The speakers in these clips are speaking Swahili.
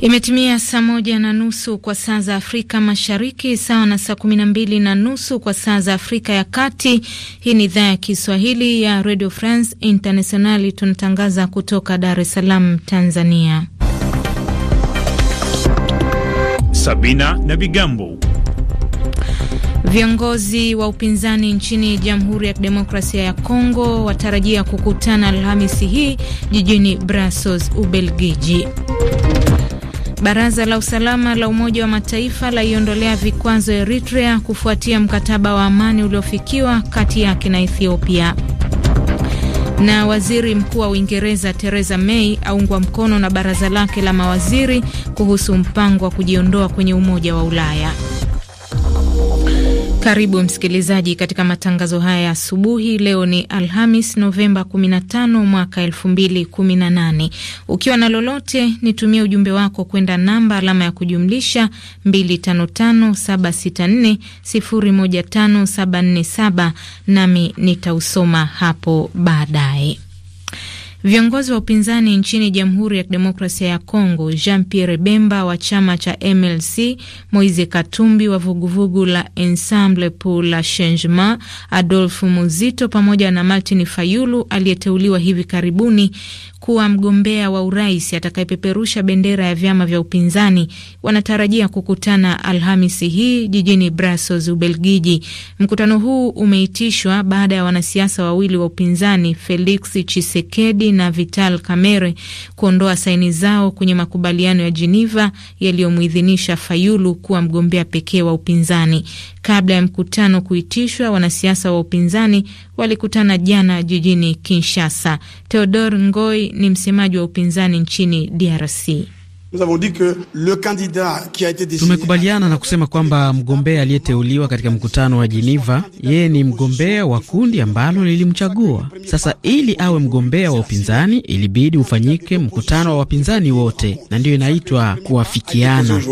Imetimia saa moja na nusu kwa saa za Afrika Mashariki, sawa na saa kumi na mbili na nusu kwa saa za Afrika ya Kati. Hii ni idhaa ya Kiswahili ya Radio France Internationali, tunatangaza kutoka Dar es Salaam, Tanzania. Sabina na Vigambo. Viongozi wa upinzani nchini Jamhuri ya Kidemokrasia ya Kongo watarajia kukutana Alhamisi hii jijini Brussels, Ubelgiji. Baraza la usalama la Umoja wa Mataifa laiondolea vikwazo Eritrea kufuatia mkataba wa amani uliofikiwa kati yake na Ethiopia. Na waziri mkuu wa Uingereza Theresa May aungwa mkono na baraza lake la mawaziri kuhusu mpango wa kujiondoa kwenye Umoja wa Ulaya. Karibu msikilizaji katika matangazo haya ya asubuhi. Leo ni Alhamis, Novemba 15 mwaka 2018. Ukiwa na lolote, nitumie ujumbe wako kwenda namba alama ya kujumlisha 255764015747, nami nitausoma hapo baadaye. Viongozi wa upinzani nchini Jamhuri ya Kidemokrasia ya Kongo, Jean Pierre Bemba wa chama cha MLC, Moise Katumbi wa vuguvugu la Ensemble pour la Changement, Adolfu Muzito pamoja na Martin Fayulu aliyeteuliwa hivi karibuni kuwa mgombea wa urais atakayepeperusha bendera ya vyama vya upinzani wanatarajia kukutana Alhamisi hii jijini Brussels, Ubelgiji. Mkutano huu umeitishwa baada ya wanasiasa wawili wa upinzani Felix Chisekedi na Vital Kamerhe kuondoa saini zao kwenye makubaliano ya Geneva yaliyomuidhinisha Fayulu kuwa mgombea pekee wa upinzani. Kabla ya mkutano kuitishwa, wanasiasa wa upinzani walikutana jana jijini Kinshasa. Theodore Ngoi ni msemaji wa upinzani nchini DRC. Tumekubaliana na kusema kwamba mgombea aliyeteuliwa katika mkutano wa Jiniva, yeye ni mgombea wa kundi ambalo lilimchagua. Sasa ili awe mgombea wa upinzani, ilibidi ufanyike mkutano wa wapinzani wote, na ndiyo inaitwa kuwafikiana.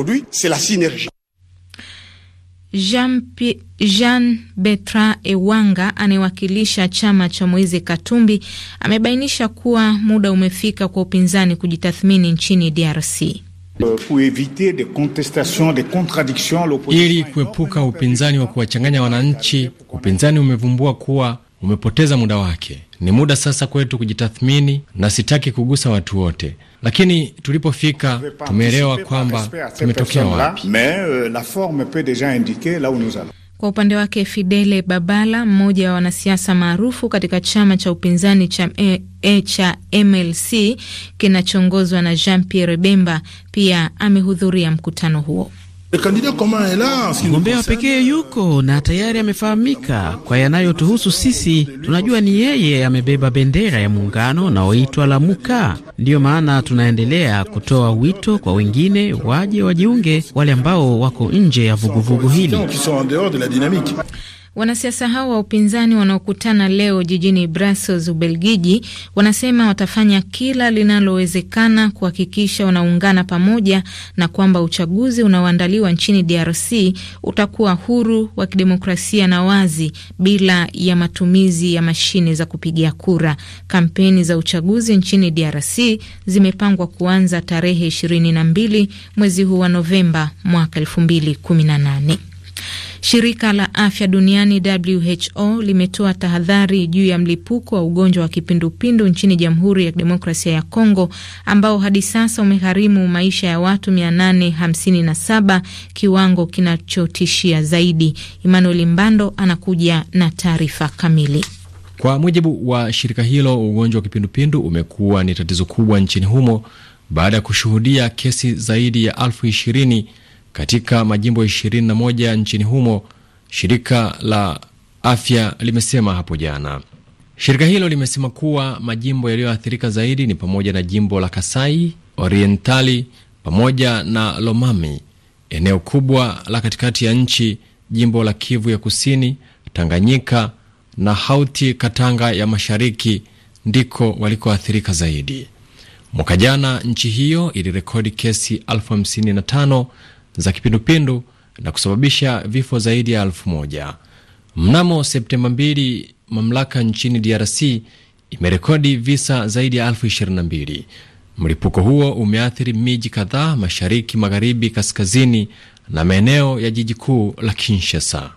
Jean, Jean Bertrand Ewanga anayewakilisha chama cha Moise Katumbi amebainisha kuwa muda umefika kwa upinzani kujitathmini nchini DRC. Ili kuepuka upinzani wa kuwachanganya wananchi, upinzani umevumbua kuwa umepoteza muda wake. Ni muda sasa kwetu kujitathmini, na sitaki kugusa watu wote, lakini tulipofika tumeelewa kwamba tumetokea wapi. Euh, Kwa upande wake Fidele Babala, mmoja wa wanasiasa maarufu katika chama cha upinzani cha, e, e, cha MLC kinachoongozwa na Jean Pierre Bemba, pia amehudhuria mkutano huo. Eh, Mgombea wa pekee yuko na tayari amefahamika kwa yanayotuhusu sisi. Tunajua ni yeye amebeba bendera ya muungano unaoitwa Lamuka. Ndiyo maana tunaendelea kutoa wito kwa wengine waje wajiunge, wale ambao wako nje ya vuguvugu hili. Wanasiasa hao wa upinzani wanaokutana leo jijini Brussels, Ubelgiji, wanasema watafanya kila linalowezekana kuhakikisha wanaungana pamoja na kwamba uchaguzi unaoandaliwa nchini DRC utakuwa huru wa kidemokrasia na wazi bila ya matumizi ya mashine za kupigia kura. Kampeni za uchaguzi nchini DRC zimepangwa kuanza tarehe 22 mwezi huu wa Novemba mwaka 2018. Shirika la afya duniani WHO limetoa tahadhari juu ya mlipuko wa ugonjwa wa kipindupindu nchini Jamhuri ya Kidemokrasia ya Kongo ambao hadi sasa umegharimu maisha ya watu 857, kiwango kinachotishia zaidi. Emmanuel Mbando anakuja na taarifa kamili. Kwa mujibu wa shirika hilo, ugonjwa wa kipindupindu umekuwa ni tatizo kubwa nchini humo baada ya kushuhudia kesi zaidi ya elfu ishirini katika majimbo 21 nchini humo, shirika la afya limesema hapo jana. Shirika hilo limesema kuwa majimbo yaliyoathirika zaidi ni pamoja na jimbo la Kasai Orientali pamoja na Lomami, eneo kubwa la katikati ya nchi, jimbo la Kivu ya Kusini, Tanganyika na Hauti Katanga ya Mashariki ndiko walikoathirika zaidi. Mwaka jana nchi hiyo ilirekodi kesi elfu hamsini na tano za kipindupindu na kusababisha vifo zaidi ya elfu moja. Mnamo Septemba 2 mamlaka nchini DRC imerekodi visa zaidi ya elfu ishirini Mlipuko huo umeathiri miji kadhaa mashariki, magharibi, kaskazini na maeneo ya jiji kuu la Kinshasa.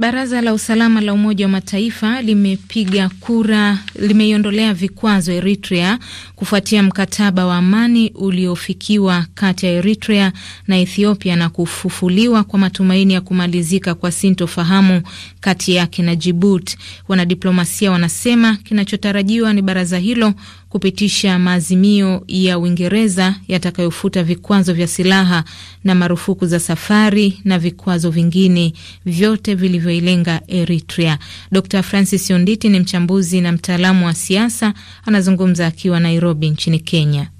Baraza la usalama la Umoja wa Mataifa limepiga kura, limeiondolea vikwazo Eritrea kufuatia mkataba wa amani uliofikiwa kati ya Eritrea na Ethiopia na kufufuliwa kwa matumaini ya kumalizika kwa sintofahamu kati yake na jibut Wanadiplomasia wanasema kinachotarajiwa ni baraza hilo kupitisha maazimio ya Uingereza yatakayofuta vikwazo vya silaha na marufuku za safari na vikwazo vingine vyote vilivyoilenga Eritrea. Dr Francis Onditi ni mchambuzi na mtaalamu wa siasa, anazungumza akiwa Nairobi nchini Kenya.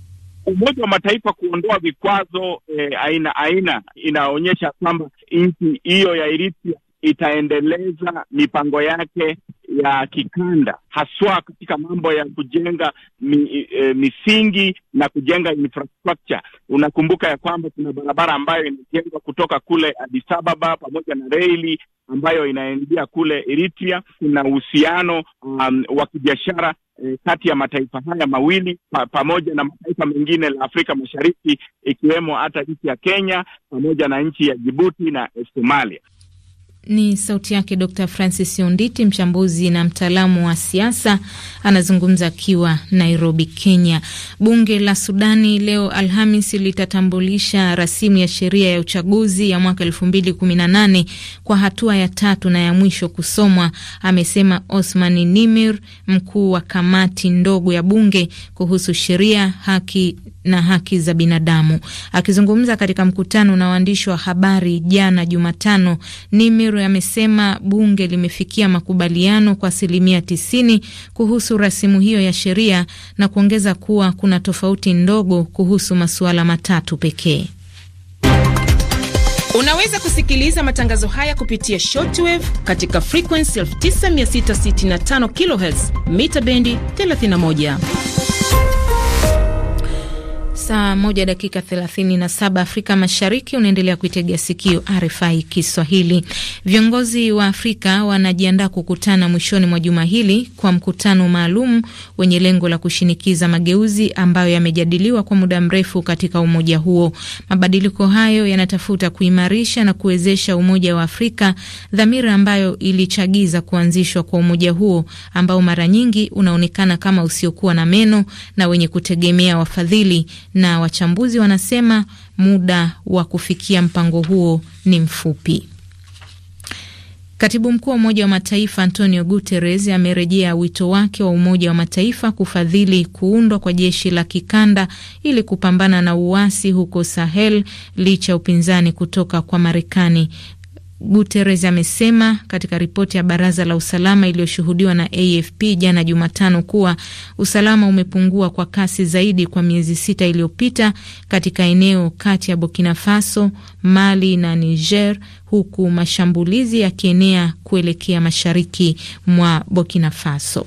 Umoja wa Mataifa kuondoa vikwazo eh, aina aina inaonyesha kwamba nchi hiyo ya Eritrea itaendeleza mipango yake ya kikanda, haswa katika mambo ya kujenga mi, e, misingi na kujenga infrastructure. Unakumbuka ya kwamba kuna barabara ambayo inajengwa kutoka kule Addis Ababa pamoja na reli ambayo inaendia kule Eritrea. Kuna uhusiano um, wa kibiashara e, kati ya mataifa haya mawili pa, pamoja na mataifa mengine la Afrika Mashariki ikiwemo hata nchi ya Kenya pamoja na nchi ya Djibouti na Somalia. Ni sauti yake Dr Francis Onditi, mchambuzi na mtaalamu wa siasa, anazungumza akiwa Nairobi, Kenya. Bunge la Sudani leo Alhamis litatambulisha rasimu ya sheria ya uchaguzi ya mwaka elfu mbili kumi na nane kwa hatua ya tatu na ya mwisho kusomwa, amesema Osman Nimir, mkuu wa kamati ndogo ya bunge kuhusu sheria haki na haki za binadamu. Akizungumza katika mkutano na waandishi wa habari jana Jumatano, Nimiru amesema bunge limefikia makubaliano kwa asilimia tisini kuhusu rasimu hiyo ya sheria na kuongeza kuwa kuna tofauti ndogo kuhusu masuala matatu pekee. Unaweza kusikiliza matangazo haya kupitia shortwave katika frequency 9665 kHz mita bendi 31. Saa moja dakika saba Afrika Mashariki. Unaendelea kuitegea sikio RFI Kiswahili. Viongozi wa Afrika wanajiandaa kukutana mwishoni mwa juma hili kwa mkutano maalum wenye lengo la kushinikiza mageuzi ambayo yamejadiliwa kwa muda mrefu katika umoja huo. Mabadiliko hayo yanatafuta kuimarisha na kuwezesha umoja wa Afrika, dhamira ambayo ilichagiza kuanzishwa kwa umoja huo ambao mara nyingi unaonekana kama usiokuwa na meno na wenye kutegemea wafadhili na wachambuzi wanasema muda wa kufikia mpango huo ni mfupi. Katibu mkuu wa Umoja wa Mataifa Antonio Guterres amerejea wito wake wa Umoja wa Mataifa kufadhili kuundwa kwa jeshi la kikanda ili kupambana na uasi huko Sahel licha ya upinzani kutoka kwa Marekani. Guterres amesema katika ripoti ya baraza la usalama iliyoshuhudiwa na AFP jana Jumatano kuwa usalama umepungua kwa kasi zaidi kwa miezi sita iliyopita katika eneo kati ya Burkina Faso, Mali na Niger, huku mashambulizi yakienea kuelekea mashariki mwa Burkina Faso.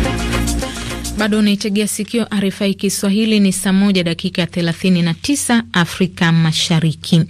Bado unaitegea sikio RFI Kiswahili. Ni saa moja dakika 39 Afrika Mashariki.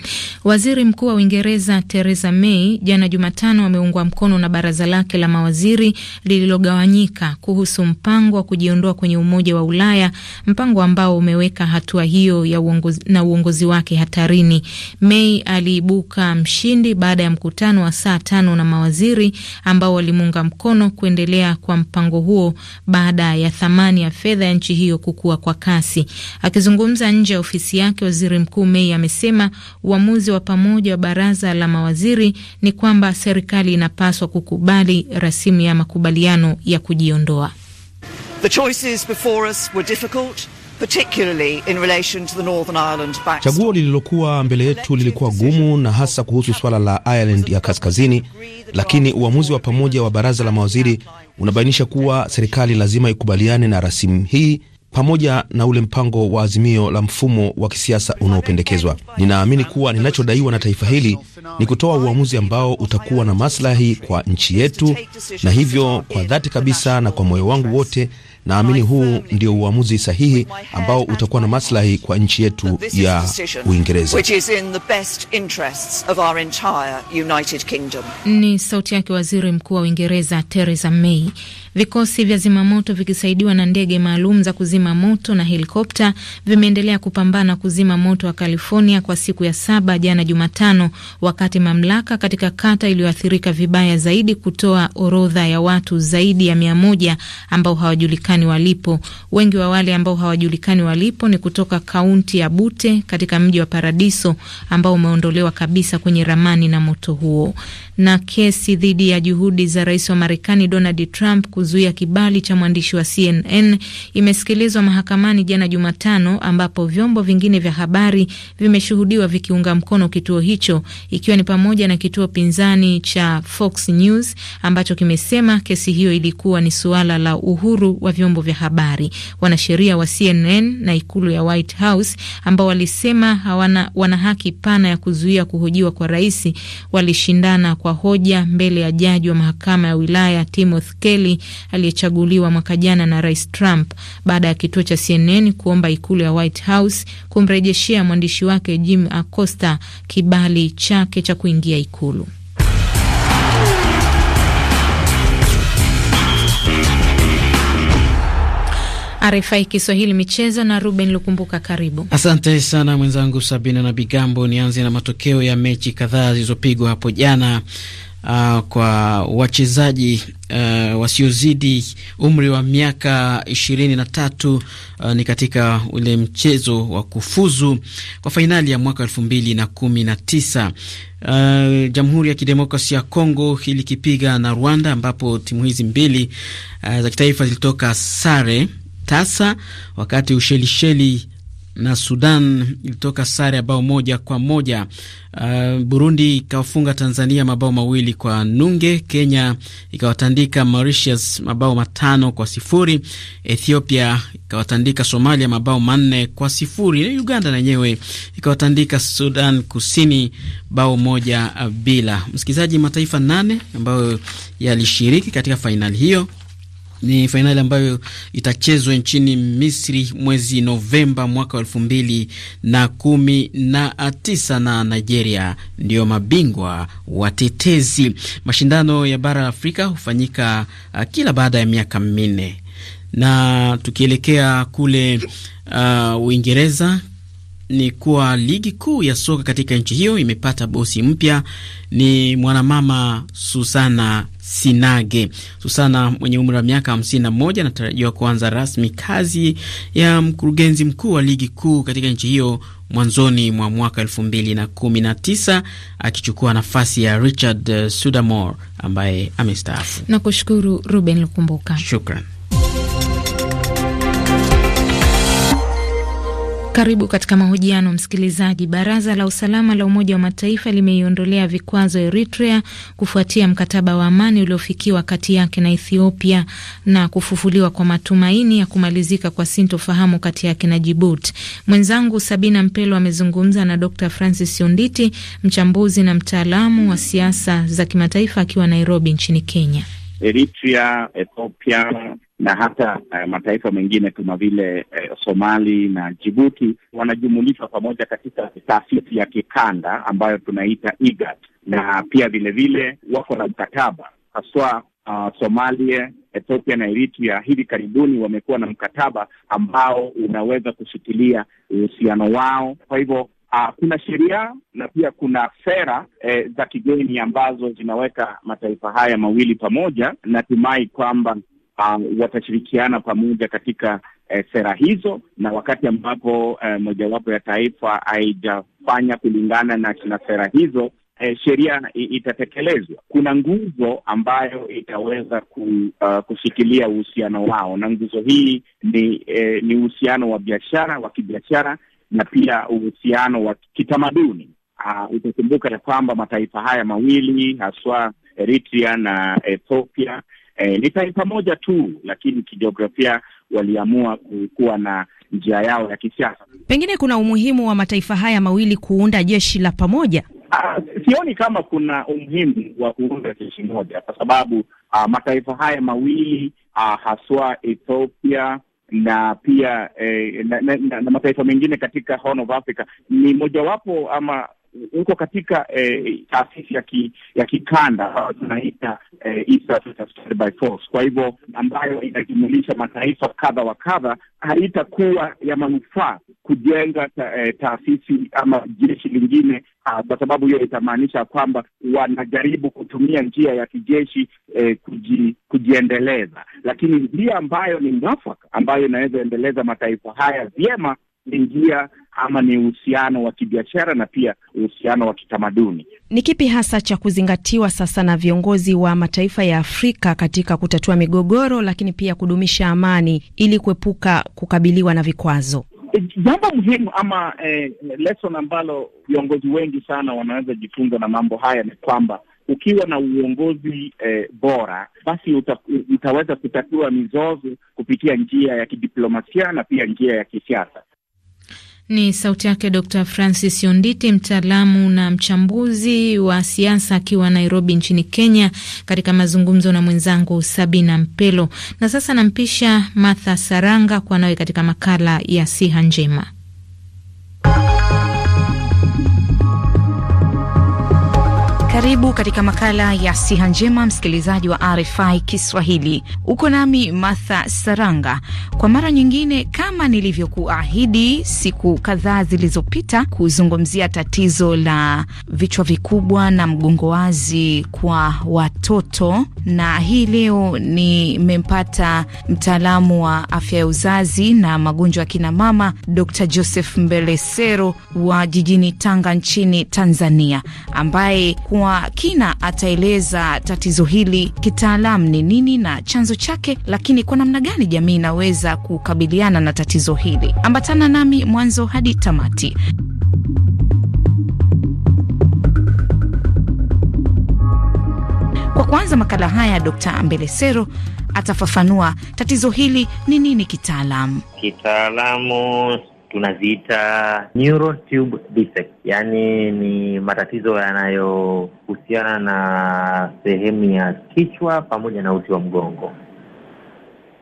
Waziri Mkuu wa Uingereza Theresa May jana Jumatano ameungwa mkono na baraza lake la mawaziri lililogawanyika kuhusu mpango wa kujiondoa kwenye Umoja wa Ulaya, mpango ambao umeweka hatua hiyo ya uongozi, na uongozi wake hatarini. May aliibuka mshindi baada ya mkutano wa saa tano na mawaziri ambao walimuunga mkono kuendelea kwa mpango huo baada ya thamani thamani ya fedha ya nchi hiyo kukua kwa kasi. Akizungumza nje ya ofisi yake, waziri mkuu Mei amesema uamuzi wa pamoja wa baraza la mawaziri ni kwamba serikali inapaswa kukubali rasimu ya makubaliano ya kujiondoa. Chaguo lililokuwa mbele yetu lilikuwa gumu na hasa kuhusu suala la Ireland ya Kaskazini, lakini uamuzi wa pamoja wa baraza la mawaziri unabainisha kuwa serikali lazima ikubaliane na rasimu hii pamoja na ule mpango wa azimio la mfumo wa kisiasa unaopendekezwa. Ninaamini kuwa ninachodaiwa na taifa hili ni kutoa uamuzi ambao utakuwa na maslahi kwa nchi yetu, na hivyo kwa dhati kabisa na kwa moyo wangu wote Naamini huu ndio uamuzi sahihi ambao utakuwa na maslahi kwa nchi yetu ya Uingereza. Ni sauti yake Waziri Mkuu wa Uingereza Theresa May. Vikosi vya zimamoto vikisaidiwa na ndege maalum za kuzima moto na helikopta vimeendelea kupambana kuzima moto wa California kwa siku ya saba jana Jumatano, wakati mamlaka katika kata iliyoathirika vibaya zaidi kutoa orodha ya watu zaidi ya mia moja ambao hawajulikani walipo. Wengi wa wale ambao hawajulikani walipo ni kutoka kaunti ya Butte katika mji wa Paradiso ambao umeondolewa kabisa kwenye ramani na moto huo. Na kesi dhidi ya juhudi za rais wa Marekani Donald Trump kuzuia kibali cha mwandishi wa CNN imesikilizwa mahakamani jana Jumatano, ambapo vyombo vingine vya habari vimeshuhudiwa vikiunga mkono kituo hicho, ikiwa ni pamoja na kituo pinzani cha Fox News ambacho kimesema kesi hiyo ilikuwa ni suala la uhuru wa vyombo vya habari. Wanasheria wa CNN na ikulu ya White House ambao walisema hawana wana haki pana ya kuzuia kuhojiwa kwa rais walishindana kwa hoja mbele ya jaji wa mahakama ya wilaya Timothy Kelly aliyechaguliwa mwaka jana na Rais Trump baada ya kituo cha CNN kuomba ikulu ya White House kumrejeshea mwandishi wake Jim Acosta kibali chake cha kuingia ikulu. RFI Kiswahili michezo na Ruben Lukumbuka, karibu. Asante sana mwenzangu Sabina na Bigambo. Nianze na matokeo ya mechi kadhaa zilizopigwa hapo jana uh, kwa wachezaji uh, wasiozidi umri wa miaka ishirini na tatu uh, ni katika ule mchezo wa kufuzu kwa fainali ya mwaka elfu mbili na kumi na tisa. Uh, Jamhuri ya Kidemokrasia ya Kongo ilikipiga na Rwanda, ambapo timu hizi mbili uh, za kitaifa zilitoka sare tasa, wakati Ushelisheli na Sudan ilitoka sare ya bao moja kwa moja. Uh, Burundi ikawafunga Tanzania mabao mawili kwa nunge. Kenya ikawatandika Mauritius mabao matano kwa sifuri. Ethiopia ikawatandika Somalia mabao manne kwa sifuri. Uganda nenyewe ikawatandika Sudan Kusini bao moja bila. Msikilizaji, mataifa nane ambayo yalishiriki katika fainali hiyo ni fainali ambayo itachezwa nchini Misri mwezi Novemba mwaka wa elfu mbili na kumi na tisa na Nigeria ndiyo mabingwa watetezi. Mashindano ya bara la Afrika hufanyika uh, kila baada ya miaka minne. Na tukielekea kule uh, Uingereza ni kuwa ligi kuu ya soka katika nchi hiyo imepata bosi mpya. Ni mwanamama Susana Sinage. Susana mwenye umri wa miaka 51 anatarajiwa kuanza rasmi kazi ya mkurugenzi mkuu wa ligi kuu katika nchi hiyo mwanzoni mwa mwaka 2019 akichukua nafasi ya Richard Sudamore ambaye amestaafu. Nakushukuru Ruben Lukumbuka. Shukran. Karibu katika mahojiano msikilizaji. Baraza la usalama la Umoja wa Mataifa limeiondolea vikwazo Eritrea kufuatia mkataba wa amani uliofikiwa kati yake na Ethiopia na kufufuliwa kwa matumaini ya kumalizika kwa sintofahamu kati yake na Jibuti. Mwenzangu Sabina Mpelo amezungumza na Dr Francis Yonditi, mchambuzi na mtaalamu wa siasa za kimataifa akiwa Nairobi nchini Kenya. Eritrea, Ethiopia na hata uh, mataifa mengine kama vile uh, Somali na Jibuti wanajumulishwa pamoja katika taasisi ya kikanda ambayo tunaita IGAD, na pia vilevile wako na mkataba haswa uh, Somalia, Ethiopia na Eritrea hivi karibuni wamekuwa na mkataba ambao unaweza kushikilia uhusiano wao. Kwa hivyo Uh, kuna sheria na pia kuna sera eh, za kigeni ambazo zinaweka mataifa haya mawili pamoja. Natumai kwamba uh, watashirikiana pamoja katika eh, sera hizo, na wakati ambapo eh, mojawapo ya taifa haijafanya kulingana na, na sera hizo eh, sheria itatekelezwa. Kuna nguzo ambayo itaweza ku, uh, kushikilia uhusiano wao, na nguzo hii ni eh, ni uhusiano wa biashara wa kibiashara na pia uhusiano wa kitamaduni. Uh, utakumbuka ya kwamba mataifa haya mawili haswa Eritrea na Ethiopia eh, ni taifa moja tu, lakini kijiografia waliamua kuwa na njia yao ya kisiasa. Pengine kuna umuhimu wa mataifa haya mawili kuunda jeshi la pamoja. Uh, sioni kama kuna umuhimu wa kuunda jeshi moja kwa sababu uh, mataifa haya mawili uh, haswa Ethiopia na pia eh, na, na, na, na mataifa mengine katika Horn of Africa ni mojawapo ama uko katika eh, taasisi eh, ya ya kikanda ambayo tunaita eh, East Africa by Force, kwa hivyo ambayo inajumulisha mataifa kadha wa kadha, haitakuwa ya manufaa kujenga ta, eh, taasisi ama jeshi lingine ah, kwa sababu hiyo itamaanisha kwamba wanajaribu kutumia njia ya kijeshi eh, kuji, kujiendeleza, lakini njia ambayo ni mwafaka ambayo inaweza endeleza mataifa haya vyema ni njia ama ni uhusiano wa kibiashara na pia uhusiano wa kitamaduni. Ni kipi hasa cha kuzingatiwa sasa na viongozi wa mataifa ya Afrika katika kutatua migogoro, lakini pia kudumisha amani ili kuepuka kukabiliwa na vikwazo? E, jambo muhimu ama eh, lesson ambalo viongozi wengi sana wanaweza jifunza na mambo haya ni kwamba ukiwa na uongozi eh, bora basi uta, utaweza kutatua mizozo kupitia njia ya kidiplomasia na pia njia ya kisiasa. Ni sauti yake Dr Francis Yonditi, mtaalamu na mchambuzi wa siasa akiwa Nairobi nchini Kenya, katika mazungumzo na mwenzangu Sabina Mpelo. Na sasa nampisha Martha Saranga kwa nawe katika makala ya Siha Njema. Karibu katika makala ya siha njema, msikilizaji wa RFI Kiswahili. Uko nami Martha Saranga kwa mara nyingine, kama nilivyokuahidi siku kadhaa zilizopita, kuzungumzia tatizo la vichwa vikubwa na mgongo wazi kwa watoto, na hii leo nimempata mtaalamu wa afya ya uzazi na magonjwa ya kinamama d Dr Joseph Mbelesero wa jijini Tanga nchini Tanzania, ambaye kwa kina ataeleza tatizo hili kitaalamu ni nini na chanzo chake, lakini kwa namna gani jamii inaweza kukabiliana na tatizo hili. Ambatana nami mwanzo hadi tamati. Kwa kuanza makala haya, Dr. Mbelesero atafafanua tatizo hili ni nini kitaalamu. Kitaalamu tunaziita neural tube defect, yaani ni matatizo yanayohusiana na sehemu ya kichwa pamoja na uti wa mgongo.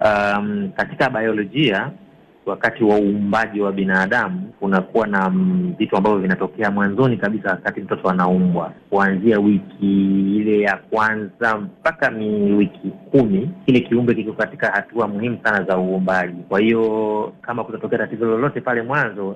Um, katika biolojia wakati wa uumbaji wa binadamu kunakuwa na mm, vitu ambavyo vinatokea mwanzoni kabisa wakati mtoto anaumbwa, kuanzia wiki ile ya kwanza mpaka ni wiki kumi, kile kiumbe kiko katika hatua muhimu sana za uumbaji. Kwa hiyo kama kutatokea tatizo lolote pale mwanzo,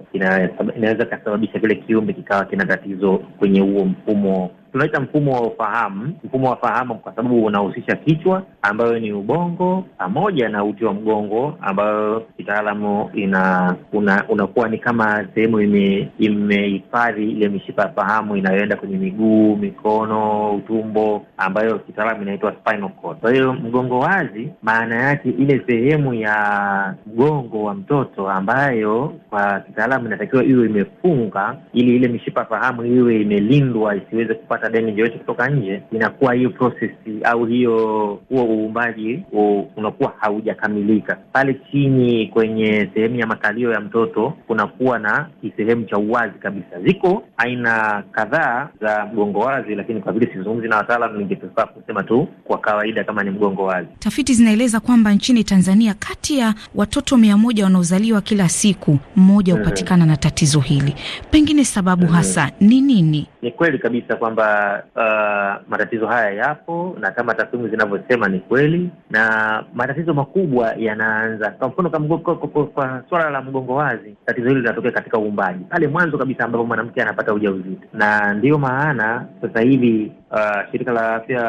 inaweza kasababisha kile kiumbe kikawa kina tatizo kwenye huo mfumo tunaita mfumo wa ufahamu. Mfumo wa fahamu kwa sababu unahusisha kichwa ambayo ni ubongo pamoja na uti wa mgongo ambayo kitaalamu ina una, unakuwa ni kama sehemu imehifadhi ime ile mishipa ya fahamu inayoenda kwenye miguu, mikono, utumbo ambayo kitaalamu inaitwa spinal cord. Kwa hiyo mgongo wazi, maana yake ile sehemu ya mgongo wa mtoto ambayo kwa kitaalamu inatakiwa iwe imefunga ili ile mishipa ya fahamu iwe imelindwa isiweze kupata kupata deni yoyote kutoka nje, inakuwa hiyo proses au hiyo huo uumbaji unakuwa haujakamilika. Pale chini kwenye sehemu ya makalio ya mtoto kunakuwa na kisehemu cha uwazi kabisa. Ziko aina kadhaa za mgongo wazi, lakini kwa vile sizungumzi na wataalam, ningepefaa kusema tu kwa kawaida kama ni mgongo wazi. Tafiti zinaeleza kwamba nchini Tanzania kati ya watoto mia moja wanaozaliwa kila siku mmoja mhm. hupatikana mm -hmm. na tatizo hili, pengine sababu mm -hmm. hasa ni nini? Ni kweli kabisa kwamba uh, matatizo haya yapo na kama takwimu zinavyosema ni kweli, na matatizo makubwa yanaanza kwa mfano kwa, kwa, kwa swala la mgongo wazi, tatizo hili linatokea katika uumbaji pale mwanzo kabisa ambapo mwanamke anapata ujauzito, na ndiyo maana sasa hivi Uh, shirika la afya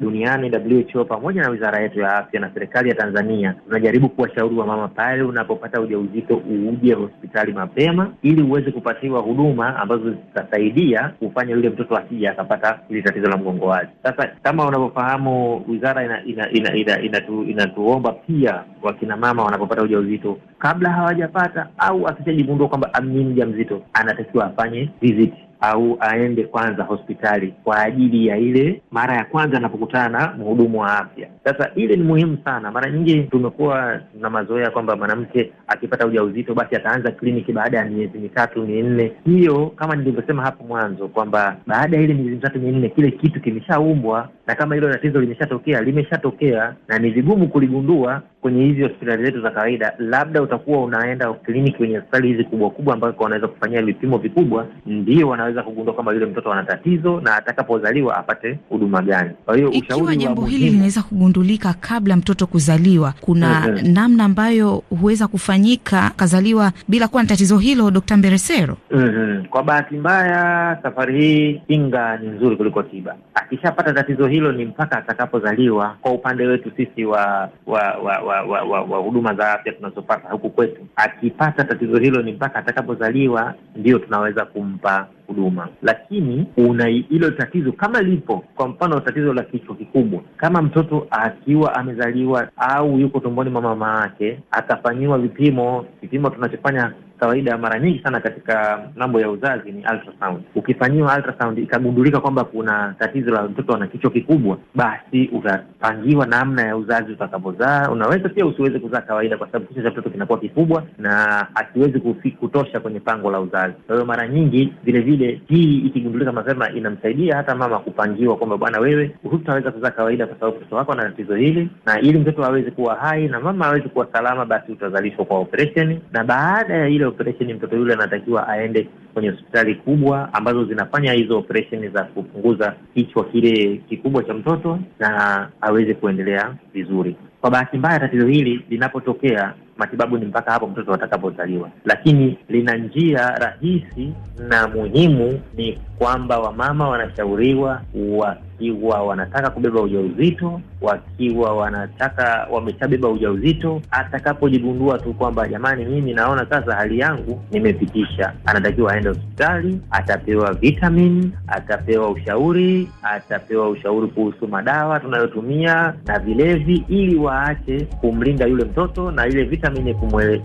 duniani WHO pamoja na wizara yetu ya afya na serikali ya Tanzania tunajaribu kuwashauri wamama, pale unapopata ujauzito uje hospitali mapema, ili uweze kupatiwa huduma ambazo zitasaidia kufanya yule mtoto asije akapata hili tatizo la mgongo wazi. Sasa kama unavyofahamu, wizara inatuomba ina, ina, ina, ina tu, ina pia wakina mama wanapopata ujauzito kabla hawajapata au akishajigundua kwamba ni mjamzito, anatakiwa afanye viziti au aende kwanza hospitali kwa ajili ya ile mara ya kwanza anapokutana na mhudumu wa afya. Sasa ile ni muhimu sana. Mara nyingi tumekuwa na mazoea kwamba mwanamke akipata ujauzito basi ataanza kliniki baada ya miezi mitatu minne. Hiyo kama nilivyosema hapo mwanzo kwamba baada ya ile miezi mitatu minne kile kitu kimeshaumbwa, na kama hilo tatizo limeshatokea limeshatokea, na ni vigumu kuligundua kwenye hizi hospitali zetu za kawaida. Labda utakuwa unaenda kliniki kwenye hospitali hizi kubwa kubwa, ambako wanaweza kufanyia vipimo vikubwa, ndio wana anaweza kugundua kwamba yule mtoto ana tatizo na atakapozaliwa apate huduma gani. Kwa hiyo ushauri, jambo hili linaweza kugundulika kabla mtoto kuzaliwa, kuna okay, eh, eh. namna ambayo huweza kufanyika akazaliwa bila kuwa na tatizo hilo, Dkt. Mberesero? mm -hmm. Kwa bahati mbaya safari hii kinga ni nzuri kuliko tiba. Akishapata tatizo hilo ni mpaka atakapozaliwa. Kwa upande wetu sisi wa wa wa wa, wa, wa, wa huduma za afya tunazopata huku kwetu, akipata tatizo hilo ni mpaka atakapozaliwa ndio tunaweza kumpa huduma, lakini una hilo tatizo kama lipo, kwa mfano tatizo la kichwa kikubwa, kama mtoto akiwa amezaliwa au yuko tumboni mwa mama yake akafanyiwa vipimo, kipimo tunachofanya kawaida mara nyingi sana katika mambo ya uzazi ni ultrasound. Ukifanyiwa ultrasound ikagundulika kwamba kuna tatizo la mtoto ana kichwa kikubwa, basi utapangiwa namna ya uzazi utakapozaa. Unaweza pia usiweze kuzaa kawaida, kwa sababu kichwa cha mtoto kinakuwa kikubwa na akiwezi kutosha kwenye pango la uzazi. Kwa hiyo mara nyingi vile vile hii ikigundulika mapema inamsaidia hata mama kupangiwa kwamba bwana, wewe hutaweza kuzaa kawaida kwa sababu mtoto wako ana tatizo hili, na ili mtoto aweze kuwa hai na mama aweze kuwa salama, basi utazalishwa kwa operation, na baada ya hilo ile operesheni, mtoto yule anatakiwa aende kwenye hospitali kubwa ambazo zinafanya hizo operesheni za kupunguza kichwa kile kikubwa cha mtoto na aweze kuendelea vizuri. Kwa bahati mbaya, tatizo hili linapotokea matibabu ni mpaka hapo mtoto atakapozaliwa, lakini lina njia rahisi na muhimu, ni kwamba wamama wanashauriwa wa wakiwa wanataka kubeba ujauzito, wakiwa wanataka wameshabeba ujauzito, atakapojigundua tu kwamba jamani, mimi naona sasa hali yangu nimepitisha, anatakiwa aende hospitali, atapewa vitamin, atapewa ushauri, atapewa ushauri kuhusu madawa tunayotumia na vilevi, ili waache kumlinda yule mtoto na ile vitamini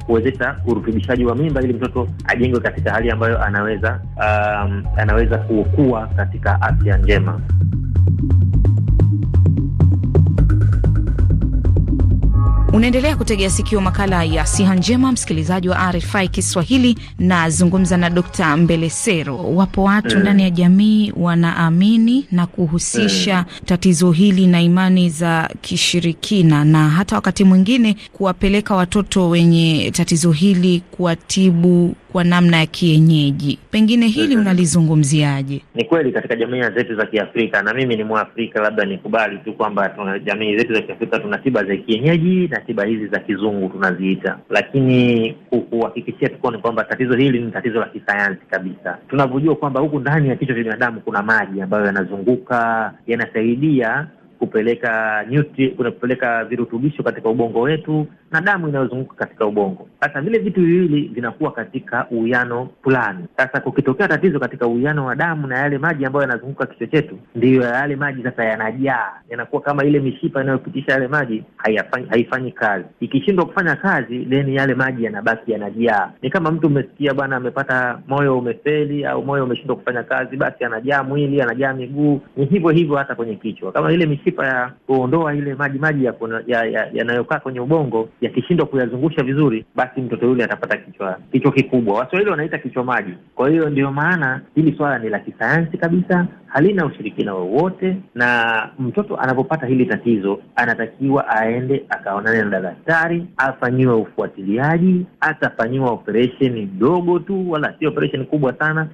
kuwezesha urutubishaji wa mimba, ili mtoto ajengwe katika hali ambayo anaweza um, anaweza kuokuwa katika afya njema. Unaendelea kutegea sikio makala ya siha njema, msikilizaji wa RFI Kiswahili. Nazungumza na dkt Mbelesero. Wapo watu eh. ndani mm. ya jamii wanaamini na kuhusisha mm. tatizo hili na imani za kishirikina, na hata wakati mwingine kuwapeleka watoto wenye tatizo hili kuwatibu kwa namna ya kienyeji. Pengine hili unalizungumziaje? Ni kweli katika jamii zetu za Kiafrika, na mimi ni Mwafrika, labda nikubali tu kwamba jamii zetu za Kiafrika tuna tiba za kienyeji na tiba hizi za kizungu tunaziita, lakini kuhakikishia ni kwamba tatizo hili ni tatizo la kisayansi kabisa. Tunavyojua kwamba huku ndani ya kichwa cha binadamu kuna maji ambayo yanazunguka yanasaidia kupeleka nyuti, kuna kupeleka virutubisho katika ubongo wetu na damu inayozunguka katika ubongo. Sasa vile vitu viwili vinakuwa katika uwiano fulani. Sasa kukitokea tatizo katika uwiano wa damu na yale maji ambayo yanazunguka kichwa chetu, ndiyo yale maji sasa yanajaa, yanakuwa kama ile mishipa inayopitisha yale maji haifanyi kazi. Ikishindwa kufanya kazi, then yale maji yanabaki yanajaa. Ni kama mtu umesikia bwana amepata moyo umefeli au moyo umeshindwa kufanya kazi, basi anajaa mwili, anajaa miguu. Ni hivyo hivyo hata kwenye kichwa, kama ile mishipa mishipa ya kuondoa ile maji maji yanayokaa ya, ya kwenye ubongo yakishindwa kuyazungusha vizuri, basi mtoto yule atapata kichwa kichwa kikubwa. Waswahili wanaita kichwa maji. Kwa hiyo ndio maana hili swala ni la kisayansi kabisa, halina ushirikina wowote, na mtoto anapopata hili tatizo anatakiwa aende akaonane na daktari, afanyiwe ufuatiliaji, atafanyiwa operesheni ndogo tu, wala sio operesheni kubwa sana.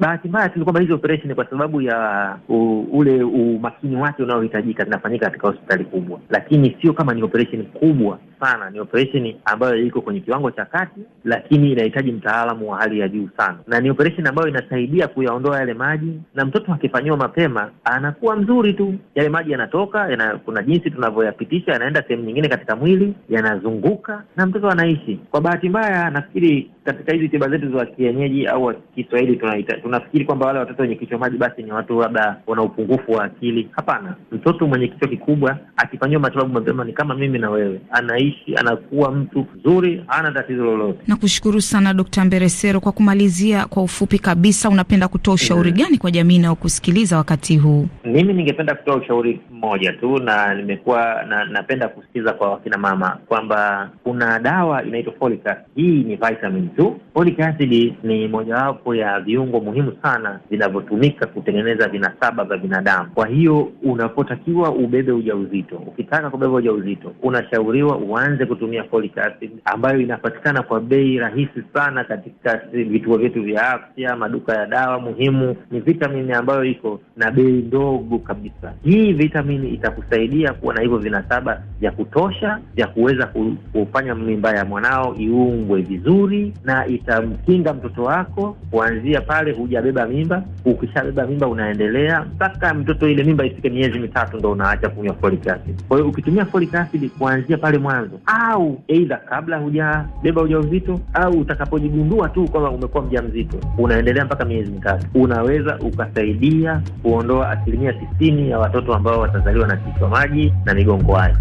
Bahati mbaya tu ni kwamba hizi operesheni kwa sababu ya u, ule umakini wake unaohitajika zinafanyika katika hospitali kubwa, lakini sio kama ni operesheni kubwa sana. Ni operesheni ambayo iko kwenye kiwango cha kati, lakini inahitaji mtaalamu wa hali ya juu sana, na ni operesheni ambayo inasaidia kuyaondoa yale maji na mtoto akifanyiwa mapema anakuwa mzuri tu. Yale maji yanatoka yana, kuna jinsi tunavyoyapitisha, yanaenda sehemu nyingine katika mwili, yanazunguka na mtoto anaishi. Kwa bahati mbaya, nafikiri katika hizi tiba zetu za kienyeji au Kiswahili tunaita, tunafikiri kwamba wale watoto wenye kichwa maji basi ni watu labda wana upungufu wa akili. Hapana, mtoto mwenye kichwa kikubwa akifanyiwa matibabu mapema ni kama mimi na wewe, anaishi anakuwa mtu mzuri, hana tatizo lolote. Nakushukuru sana Dr. Mberesero. Kwa kumalizia kwa ufupi kabisa, unapenda kutoa ushauri yeah, mm-hmm. gani kwa jamii inayokusikiliza wakati huu? Mimi ningependa kutoa ushauri mmoja tu, na nimekuwa na, napenda kusikiza kwa wakina mama kwamba kuna dawa inaitwa folic acid. Hii ni vitamin tu. Folic acid ni mojawapo ya viungo muhimu sana vinavyotumika kutengeneza vinasaba vya binadamu. Kwa hiyo unapotakiwa ubebe ujauzito, ukitaka kubeba ujauzito, unashauriwa uanze kutumia folic acid ambayo inapatikana kwa bei rahisi sana katika vituo vyetu vya afya, maduka ya dawa. Muhimu ni vitamini ambayo iko na bei ndogo kabisa. Hii vitamini itakusaidia kuwa na hivyo vinasaba vya kutosha vya kuweza kufanya mimba ya mwanao iungwe vizuri na itamkinga mtoto wako kuanzia pale hujabeba mimba. Ukishabeba mimba unaendelea mpaka mtoto ile mimba ifike miezi mitatu, ndo unaacha kunywa folic acid. Kwa hiyo ukitumia folic acid kuanzia pale mwanzo, au eidha kabla hujabeba ujauzito au utakapojigundua tu kwamba umekuwa mjamzito, unaendelea mpaka miezi mitatu, unaweza ukasaidia kuondoa asilimia tisini ya watoto ambao watazaliwa na kichwa maji na migongo hayo.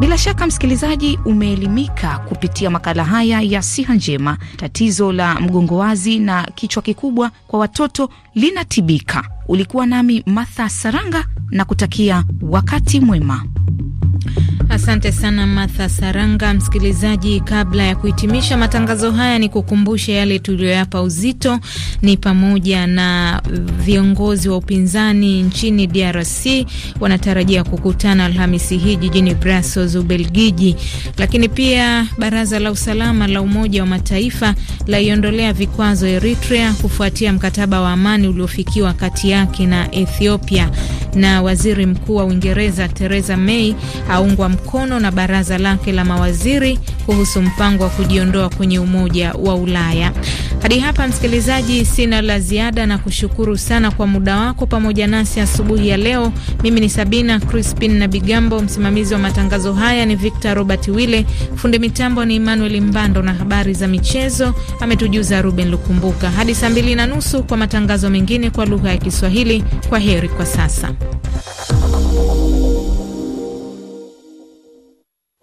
Bila shaka msikilizaji, umeelimika kupitia makala haya ya siha njema. Tatizo la mgongo wazi na kichwa kikubwa kwa watoto linatibika. Ulikuwa nami Martha Saranga na kutakia wakati mwema. Asante sana Martha Saranga. Msikilizaji, kabla ya kuhitimisha matangazo haya, ni kukumbusha yale tuliyoyapa uzito, ni pamoja na viongozi wa upinzani nchini DRC wanatarajia kukutana Alhamisi hii jijini Brussels, Ubelgiji. Lakini pia baraza la usalama la Umoja wa Mataifa laiondolea vikwazo Eritrea kufuatia mkataba wa amani uliofikiwa kati yake na Ethiopia, na waziri mkuu wa Uingereza Theresa May aungwa mkono na baraza lake la mawaziri kuhusu mpango wa kujiondoa kwenye Umoja wa Ulaya. Hadi hapa msikilizaji, sina la ziada na kushukuru sana kwa muda wako pamoja nasi asubuhi ya leo. Mimi ni Sabina Crispin na Bigambo, msimamizi wa matangazo haya ni Victor Robert Wille, fundi mitambo ni Emmanuel Mbando na habari za michezo ametujuza Ruben Lukumbuka. Hadi saa mbili na nusu kwa matangazo mengine kwa lugha ya Kiswahili. Kwa heri kwa sasa.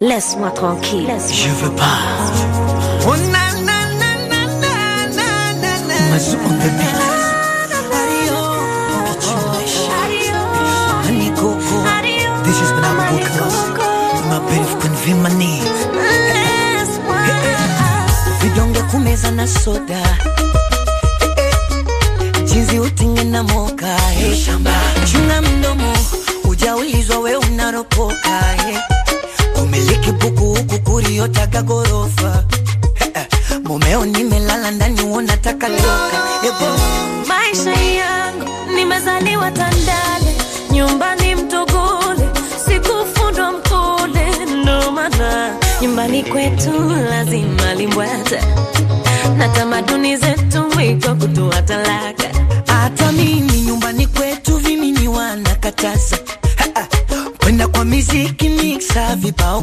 Laisse-moi tranquille. Laisse je veux pas. Oh na na na na na na na. on Vidonge kumeza na soda. Jinsi moka. Chunga mdomo. Ujaulizwa we unaropoka kuku huku kuriotaga gorofa eh, eh, mumeo nimelala ndani wonataka loka Ebo. maisha yangu nimezaliwa Tandale, nyumbani Mtogole, sikufundwa Mkole, ndo maana nyumbani kwetu lazima limbwata na tamaduni zetu wiko kutoa talaka. Hata mimi nyumbani kwetu vimini wanakataza eh, kwenda kwa miziki miksa vibao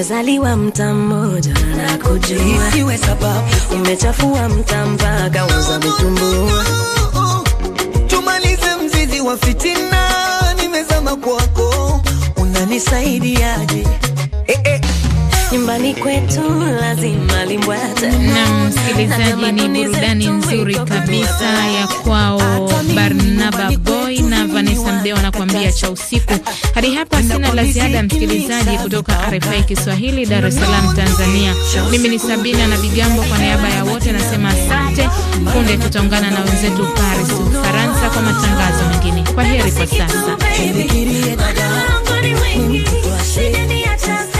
umezaliwa mta mmoja na kujua, isiwe sababu umechafua mtaa mpaka uza vitumbua. Tumalize mzizi wa fitina, nimezama kwako, unanisaidiaje? eh, eh nyumbani kwetu lazima limbwate. Na msikilizaji, ni burudani nzuri kabisa ya kwao Barnaba Boy na Vanessa Mdeo anakuambia cha usiku. Hadi hapa sina la ziada, msikilizaji, kutoka RFI Kiswahili, Dar es Salaam, Tanzania. Mimi ni Sabina na Bigambo, kwa niaba ya wote nasema asante. Punde tutaungana na wenzetu Paris, Ufaransa, kwa matangazo mengine. Kwa heri kwa sasa.